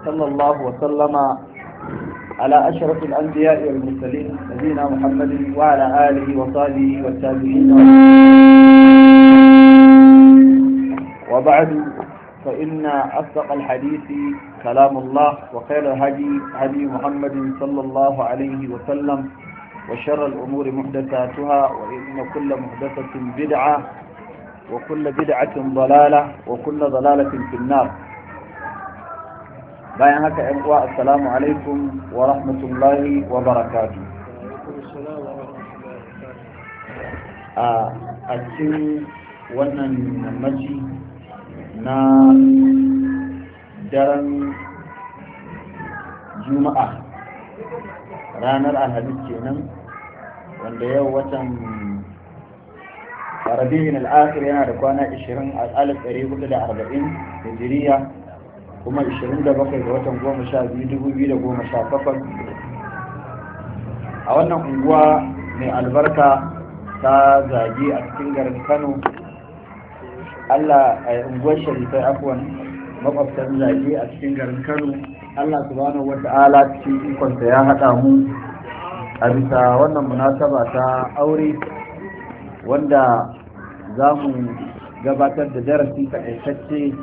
وصلى الله وسلم على أشرف الأنبياء والمرسلين نبينا محمد وعلى آله وصحبه والتابعين وبعد فإن أصدق الحديث كلام الله وخير الهدي هدي محمد صلى الله عليه وسلم وشر الأمور محدثاتها وإن كل محدثة بدعة وكل بدعة ضلالة وكل ضلالة في النار bayan haka yan uwa assalamu alaikum wa rahmatullahi wa barakatu a cikin wannan yammaci na daren juma'a ranar alhamis kenan wanda yau watan rabi'in al'akhir yana da kwana 20 a 1440 hijiriya kuma 27 ga watan 12,2018 a wannan unguwa mai albarka ta zage a cikin garin kano allah a eh, unguwar sharifai afuwan makwabtan zage a cikin garin kano allah bani wata ala cikin ikonta ya haɗa mu a bisa wannan munasaba ta aure wanda za mu gabatar da darasi aikace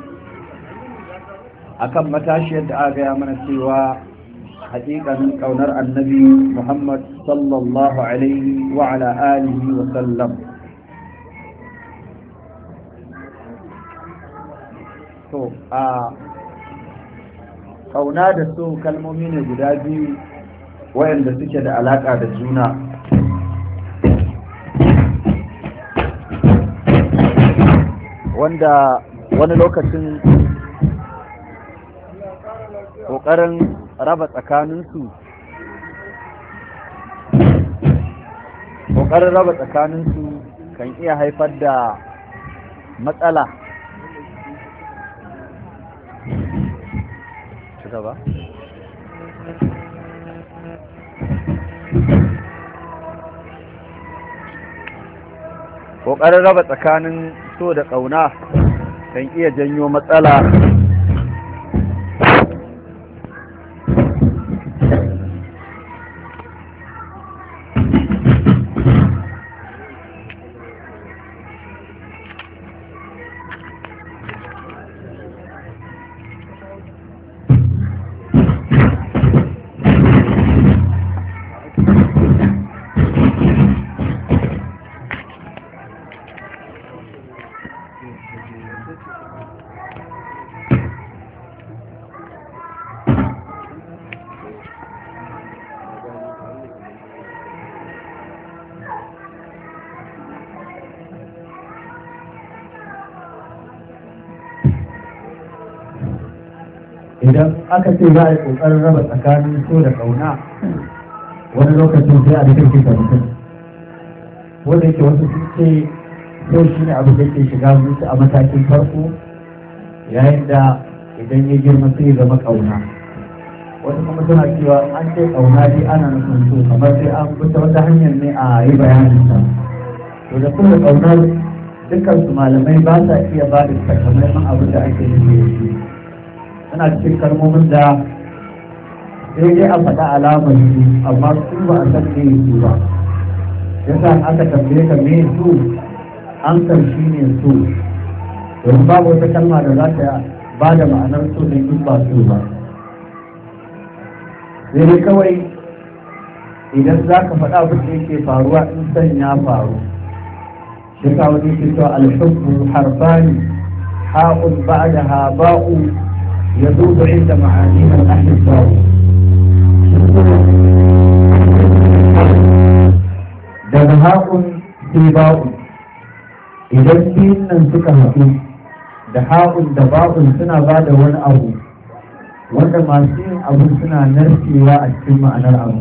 akan matashiyar da aka gaya mana cewa haƙiƙan ƙaunar annabi Muhammad sallallahu alaihi wa ala alihi wa sallam to a ƙauna da so kalmomi ne guda biyu wayanda suke da alaƙa da juna wanda wani lokacin ƙoƙarin raba tsakaninsu ƙoƙarin raba tsakaninsu kan iya haifar da matsala ƙoƙarin raba tsakanin so da ƙauna kan iya janyo matsala idan aka ce za a yi ƙoƙarin raba tsakanin so da ƙauna wani lokacin sai a da kirkin ta mutum wanda yake wasu sun ce so shi ne abu da ke shiga musu a matakin farko yayin da idan ya girma sai zama ƙauna wasu kuma suna cewa an ce ƙauna dai ana nufin so kamar sai an fita wata hanyar ne a yi bayanin sa to da kuma ƙaunar dukkan su malamai ba sa iya ba da takamaiman abin da ake nufi da shi ana cikin kalmomin da sai a faɗa alamar su amma su ba a san me su ba yasa aka tambaye ka me su amsar shi ne su domin babu wata kalma da za ta ba da ma'anar su ne in ba su ba kawai idan za ka faɗa abin da yake faruwa in san ya faru shi ka wani fito alhubbu harbani ha'un ba'daha ba'u يذوب عند معاليم الأحباء دمهاء سيباء idan biyun nan suka haɗu da ha'un da ba'un suna ba da wani abu wanda masu yin abu suna narkewa a cikin ma'anar abu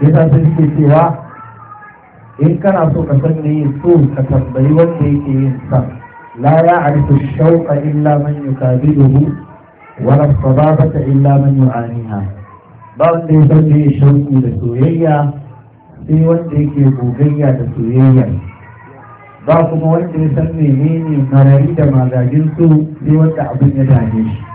yasa sun ce cewa in kana so ka san ne so ka tambayi wanda yake yin sa لا يعرف الشوق إلا من يكابده ولا الصبابة إلا من يعانيها بعض يسمي الشوق لسوية في وجهك بوغية لسوية بعض ما وجه يسمي ميني مراريد ما ذاجنسو في وجه عبد يداجيش